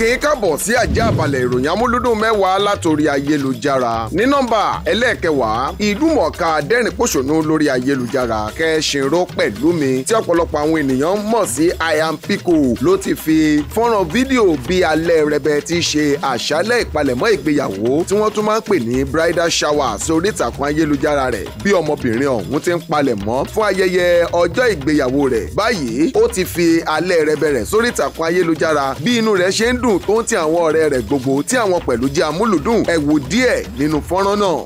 kí n káàbọ̀ sí àjẹ́ àbálẹ̀ ìròyìn amúlúdùn mẹ́wàá látòrí ayélujára ní nọ́mbà ẹlẹ́ẹ̀kẹwàá ìdúmọ̀ọ́ká dẹ́rìn pòṣónú lórí ayélujára kẹ́sìnró pẹ̀lú mi tí ọ̀pọ̀lọpọ̀ àwọn ènìyàn mọ̀ sí Ianpico ló ti fi fọ́nrán fídíò bí alẹ́ rẹbẹ ti ṣe àṣálẹ́ ìpalẹ̀mọ́ ìgbéyàwó tí wọ́n tún máa ń pè ní bridal shower sórí ìtàkùn ayélujára rẹ̀ bí ọmọbìnrin ọ̀hún ti ń palẹ̀mọ́ fún ayẹyẹ ọjọ́ ìgbéyàwó rẹ̀ báyìí ó ti fi alẹ́ rẹbẹ rẹ̀ sórí ìtàkùn ayélujára bí inú rẹ̀ ṣe ń dùn amúlùdùn tó ń ti àwọn ọ̀rẹ́ rẹ̀ gbogbo tí àwọn pẹ̀lú jẹ́ amúlùdùn ẹ díẹ̀ nínú fọ́nrán náà.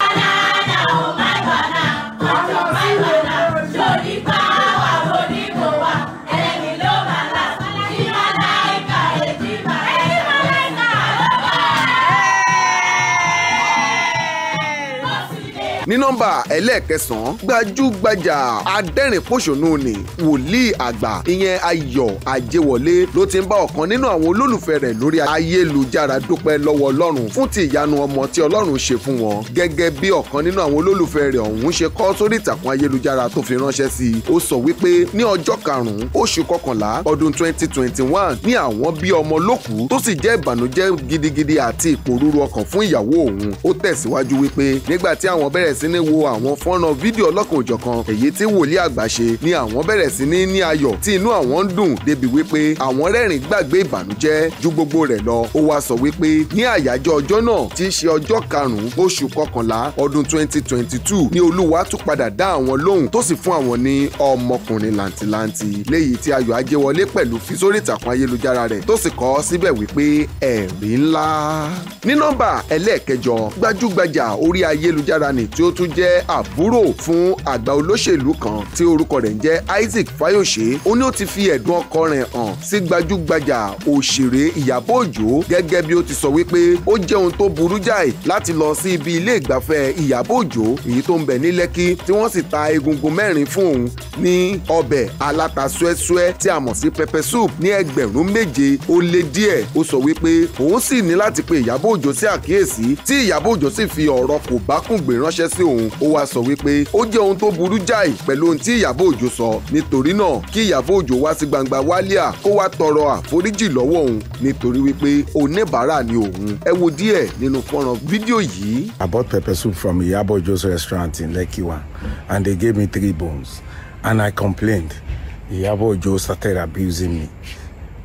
ní nọ́mbà ẹlẹ́ẹ̀kẹsàn-án gbajúgbajà adẹ́rìn-pọ̀ṣọ́nù ni wòlíì àgbà ìyẹn ayọ̀ àjẹwọlé ló ti ń bá ọ̀kan nínú àwọn olólùfẹ́ rẹ̀ lórí ayélujára dúpẹ́ lọ́wọ́ ọlọ́run fún ti ìyanu ọmọ tí ọlọ́run ṣe fún wọn gẹ́gẹ́ bí ọ̀kan nínú àwọn olólùfẹ́ rẹ̀ ọ̀hún ṣe kọ sórí ìtàkùn ayélujára tó fi ránṣẹ́ sí i ó sọ wípé ní ọjọ́ karùn-ún oṣù kọkànlá ọdún 2021 ní àwọn bí ọmọ lókù tó sì jẹ́ ìbànújẹ́ gidigidi àti ìpòrúru ọkàn fún ìyàwó òun ó tẹ̀síwájú wípé nígbà tí àwọn bẹ̀rẹ̀ bẹ̀rẹ̀ sí ní wo àwọn fọ́nrán fídíò ọlọ́kan òjọ̀kan èyí tí wòlíì àgbà ṣe ni àwọn bẹ̀rẹ̀ sí ní ní ayọ̀ tí inú àwọn ń dùn débi wípé àwọn rẹ́rìn gbàgbé ìbànújẹ́ ju gbogbo rẹ̀ lọ ó wá sọ wípé ní àyájọ́ ọjọ́ náà tí í ṣe ọjọ́ karùn-ún oṣù kọkànlá ọdún 2022 ni olúwa tún padà dá àwọn lóhùn tó sì fún àwọn ní ọmọkùnrin làǹtìlanti léyìí tí ayọ̀ ajẹ́wọlé pẹ̀lú fi sórí ìtàkùn ayélujára rẹ̀ tó sì kọ síbẹ̀ wípé ẹ̀rí ńlá. ní nọ́mbà ẹlẹ́ẹ̀kẹjọ gbajúgbajà orí ayélujára ni tí ó tún jẹ́ àbúrò fún àgbà olóṣèlú kan tí orúkọ rẹ̀ ń jẹ́ Isaac Fayose ó ní ó ti fi ẹ̀dùn ọkàn rẹ̀ hàn sí gbajúgbajà òṣèré Ìyábọ̀ Òjó gẹ́gẹ́ bí ó ti sọ wípé ó jẹ́ ohun tó burú jáì láti lọ sí ibi ilé ìgbafẹ́ Ìyábọ̀ Òjó èyí tó ń bẹ ní Lẹ́kí tí wọ́n sì ta egungun mẹ́rin fún òun ní ọbẹ̀ aláta súẹ́súẹ́ tí a mọ̀ sí pepper soup ní ẹgbẹ̀rún méje ó lé díẹ̀ ó sọ wípé òun sì ní láti pe Ìyábọ̀ Òjó sí àkíyèsí tí Ìyábọ̀ Òjó sì fi ọ̀rọ̀ kò bákùngbé ránṣẹ́ sí òun ó wáá sọ wípé ó jẹ́ ohun tó burú jáì pẹ̀lú ohun tí Ìyábọ̀ Òjó sọ nítorí náà kí Ìyábọ̀ Òjó wá sí gbangba wálíà kó wá tọrọ àforíjì lọ́wọ́ òun nítorí wípé oníbàárà ni òun ẹ wo díẹ̀ nínú fọ́nrán fídíò yìí. I bought pepper soup from Ìyábọ̀ Òjó's restaurant in Lekiwa and they gave me three bones and I complained Ìyábọ̀ Òjó started abusing me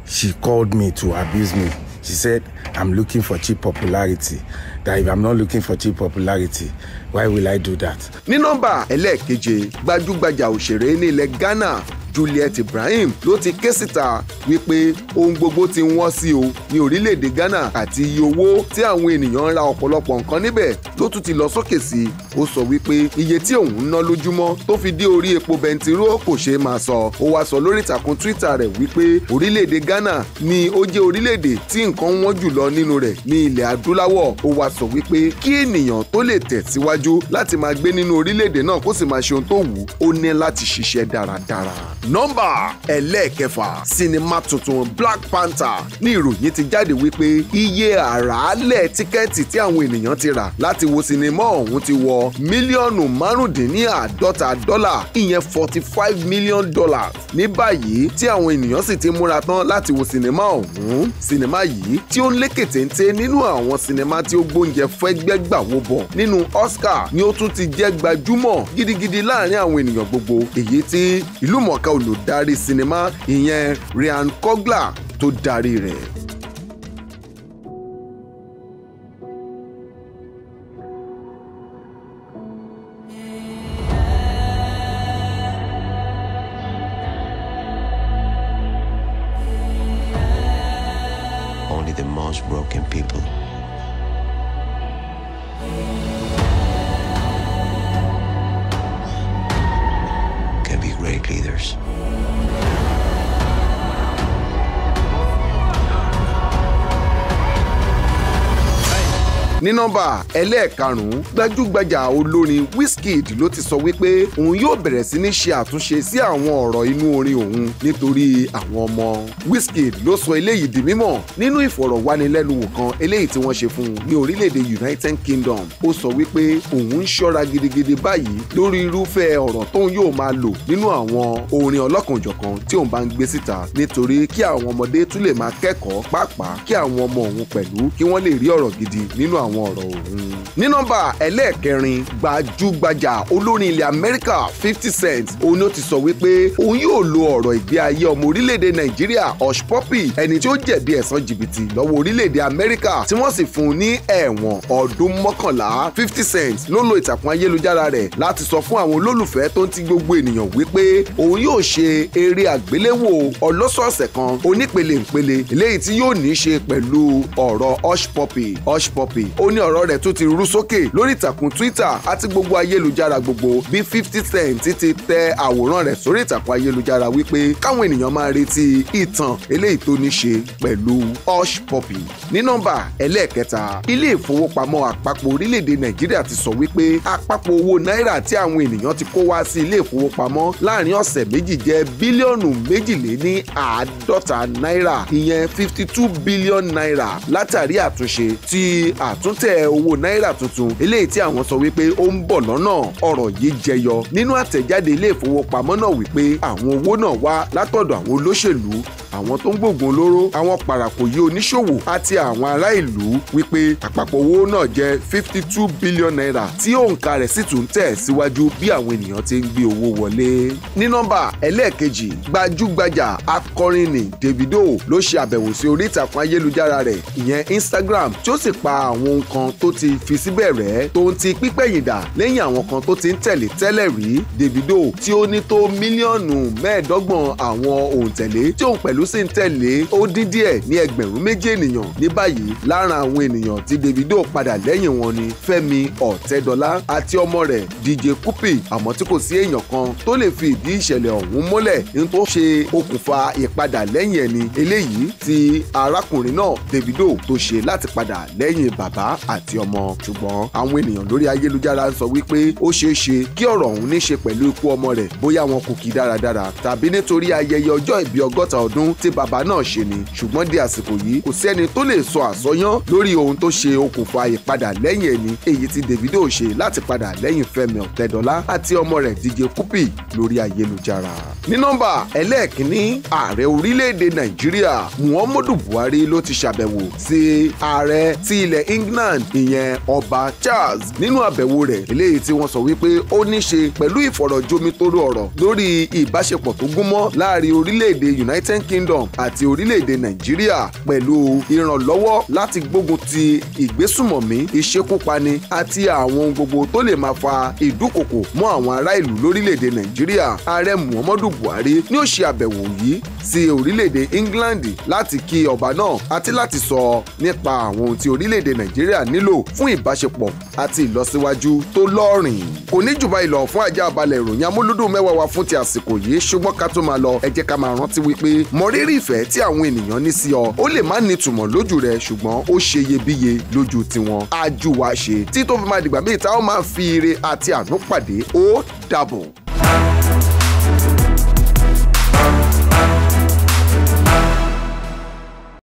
she called me to abuse me she said I'm looking for cheap popularity that if i'm not looking for cheap popularity why will i do that. ní nọ́mbà ẹlẹ́ẹ̀keje gbajúgbajà òṣèré ní ilẹ̀ Ghana Juliet Ibrahim ló ti ké síta wípé ohun gbogbo ti wọ́n sí o ní orílẹ̀-èdè Ghana àti iye owó tí àwọn ènìyàn ń ra ọ̀pọ̀lọpọ̀ nǹkan níbẹ̀ ló tún ti lọ sókè sí ó sọ wípé iye tí òun ń ná lójúmọ́ tó fi dé orí epo bẹntiró kò ṣeé máa sọ ó wá sọ lórí ìtàkùn Twitter rẹ̀ wípé orílẹ̀-èdè Ghana ni ó jẹ́ orílẹ̀-èdè tí nǹkan wọ́n jùlọ nínú rẹ̀ ní ilẹ̀ adúláwọ̀ ó wá sọ wípé kí ènìyàn tó lè tẹ̀síwájú láti máa gbé nínú orílẹ̀-èdè náà kó sì máa ṣe ohun tó wù ú ó ní láti ṣiṣẹ́ dáradára nọ́mbà ẹlẹ́ẹ̀kẹfà sinimá tuntun Black Panther ní ìròyìn ti jáde wípé iye àràálẹ̀ tíkẹ́ẹ̀tì tí àwọn ènìyàn ti rà láti wo sinimá ọ̀hún ti wọ mílíọ̀nù márùndínláàádọ́ta dọ́là ìyẹn forty five million dollars ní báyìí tí àwọn ènìyàn sì ti múra tán láti wo sinimá ọ̀hún sinimá yìí tí ó ń lé kètéńté nínú àwọn sinimá tí ó gbóúnjẹ fẹ́gbẹ́ gbà wó bọ̀ nínú Oscar ni ó tún ti jẹ́ gbajúmọ̀ gidigidi láàrin àwọn ènìyàn gbogbo èyí tí ìlúmọ̀ọ́ká olùdarí sinimá ìyẹn Ryan Coogler tó darí rẹ̀. the most broken people. ní nọ́mbà ẹlẹ́ẹ̀karùn-ún gbajúgbajà olórin Wizkid ló ti sọ wípé òun yóò bẹ̀rẹ̀ sí ní ṣe àtúnṣe sí àwọn ọ̀rọ̀ inú orin òun nítorí àwọn ọmọ Wizkid ló sọ eléyìí di mímọ̀ nínú ìfọ̀rọ̀wánilẹ́nuwò kan eléyìí tí wọ́n ṣe fún un ní orílẹ̀-èdè United Kingdom ó sọ wípé òun ń ṣọ́ra gidigidi báyìí lórí irúfẹ́ ọ̀rọ̀ tóun yóò máa lò nínú àwọn orin ọlọ́kanòjọ̀kan tí òun bá ń gbé síta nítorí kí àwọn ọmọdé tún lè máa kẹ́kọ̀ọ́ pàápàá kí àwọn ọmọ òun pẹ̀lú kí wọ́n lè rí ọ̀rọ̀ gidi nínú àwọn àwọn ọ̀rọ̀ òun. ní nọ́mbà ẹlẹ́ẹ̀kẹrin gbajúgbajà olórin ilẹ̀ Amẹ́ríkà fifty cents òun ni ó ti sọ wípé òun yóò lo ọ̀rọ̀ ìgbé ayé ọmọ orílẹ̀-èdè Nàìjíríà Hush Puppy ẹni tí ó jẹ̀bi ẹ̀sán jìbìtì lọ́wọ́ orílẹ̀-èdè Amẹ́ríkà tí wọ́n sì fún un ní ẹ̀wọ̀n ọdún mọ́kànlá fifty cents ló lo ìtàkùn ayélujára rẹ̀ láti sọ fún àwọn olólùfẹ́ tó ń ti gbogbo ènìyàn wípé òun yóò ṣe eré àgbéléwò ọlọ́sọ̀ọ̀sẹ̀ kan onípele ìpele eléyìí tí yóò ní í ṣe pẹ̀lú ọ̀rọ̀ Hush Puppy Hush Puppy ó ní ọ̀rọ̀ rẹ̀ tún ti rú sókè lórí ìtàkùn Twitter àti gbogbo ayélujára gbogbo bí Fifty Cent ti tẹ àwòrán rẹ̀ sórí ìtàkùn ayélujára wípé káwọn ènìyàn máa retí ìtàn eléyìí tó ní ṣe pẹ̀lú Hush Puppy ní nọ́mbà ẹlẹ́ẹ̀kẹta ilé ìfowópamọ́ àpapọ̀ orílẹ̀-èdè Nàìjíríà ti sọ wípé àpapọ̀ owó náírà tí àwọn ènìyàn ti kó wá sí ilé ìfowópamọ́ láàrin ọ̀sẹ̀ méjì jẹ́ bílíọ̀nù méjìléní àádọ́ta náírà ìyẹn fifty two billion naira látàrí àtúnṣe tí àtúnṣe àtúntẹ̀ owó náírà tuntun eléyìí tí àwọn sọ wípé ó ń bọ̀ lọ́nà ọ̀rọ̀ yìí jẹyọ nínú àtẹ̀jáde ilé ìfowópamọ́ náà wípé àwọn owó náà wá látọ̀dọ̀ àwọn olóṣèlú àwọn tó ń gbòògùn olóró àwọn pàràkòyí oníṣòwò àti àwọn ará ìlú wípé àpapọ̀ owó náà jẹ́ fifty two billion naira tí òǹkà rẹ̀ sì tún tẹ̀ síwájú bí àwọn ènìyàn ti ń gbé owó wọlé. ní nọ́mbà ẹlẹ́ẹ̀kejì gbajúgbajà akọrin ni Davido ló ṣe àbẹ̀wò sí orí ìtàkùn ayélujára rẹ̀ ìyẹn Instagram tí ó sì pa àwọn ohun kan tó ti fi síbẹ̀ rẹ̀ tó ń ti pípẹ̀yìndà lẹ́yìn àwọn kan tó ti ń tẹ̀lé tẹ́lẹ̀ rí Davido tí ó ní tó mílíọ̀nù mẹ́ẹ̀ẹ́dọ́gbọ̀n àwọn òǹtẹ̀lé tí òun pẹ̀lú sì ń tẹ̀lé ó dín díẹ̀ ní ẹgbẹ̀rún méjì ènìyàn ní báyìí lára àwọn ènìyàn tí Davido padà lẹ́yìn wọn ni Fẹ́mi Ọ̀tẹ́dọ́lá àti ọmọ rẹ̀ DJ Cuppy àmọ́ tí kò sí èèyàn kan tó lè fi ìdí ìṣẹ̀lẹ̀ ọ̀hún múlẹ̀ ní tó ṣe okùnfà ìpadà lẹ́yìn ẹni eléyìí tí arákùnrin náà Davido tó ṣe láti padà lẹ́yìn bàbá bàbá àti ọmọ ṣùgbọ́n àwọn ènìyàn lórí ayélujára ń sọ wípé ó ṣeé ṣe kí ọ̀rọ̀ ọ̀hún ní ṣe pẹ̀lú ikú ọmọ rẹ̀ bóyá wọn kò kí dáradára tàbí nítorí ayẹyẹ ọjọ́ ìbí ọgọ́ta ọdún tí bàbá náà ṣe ni ṣùgbọ́n di àsìkò yìí kò sẹ́ni tó lè sọ àsọyán lórí ohun tó ṣe okùnfà ìpadà lẹ́yìn ẹni èyí tí Davido ṣe láti padà lẹ́yìn Fẹ́mi Ọ̀tẹ́dọ́lá àti ọmọ rẹ̀ DJ Cuppy lórí ayélujára. ní nọ́mbà ẹlẹ́ẹ̀kínní ààrẹ orílẹ̀-èdè Nàìjíríà Muhammadu Buhari ló ti ṣàbẹ̀wò sí ààrẹ ti ilẹ̀ England ìyẹn ọba Charles nínú àbẹ̀wò rẹ̀ eléyìí tí wọ́n sọ wípé ó ní ṣe pẹ̀lú ìfọ̀rọ̀jomitoro ọ̀rọ̀ lórí ìbáṣepọ̀ tó gúnmọ́ láàrin orílẹ̀-èdè United Kingdom àti orílẹ̀-èdè Nàìjíríà pẹ̀lú ìrànlọ́wọ́ láti gbógun ti ìgbésùmọ̀mí ìṣekúpani àti àwọn ohun gbogbo tó lè máa fa ìdúkòkò mọ́ àwọn ará ìlú lórílẹ̀‐èdè nàìjíríà ààrẹ muhammadu buhari ni ó ṣe àbẹ̀wò yìí sí orílẹ̀‐èdè england láti kí ọba náà àti láti sọ nípa àwọn ohun tí orílẹ̀‐èdè nàìjíríà nílò fún ìbáṣepọ̀ àti ìlọsíwájú tó lọ́rìn kò ní jù báyìí lọ fún ajá balẹ̀ ìròyìn amúlúdùn mẹ́wàá wa fún ti àsìkò yìí ṣùgbọ́n ká tó máa lọ ẹ jẹ́ ká máa rántí wípé mọrírì ìfẹ́ tí àwọn ènìyàn ní sí ọ ó lè má nítumọ̀ lójú rẹ ṣùgbọ́n ó ṣe iyebíye lójú tiwọn ajú wa ṣe tí tó fi máa dìgbà míì tá máa fi ire àti àtúnpàdé ó dàbọ̀.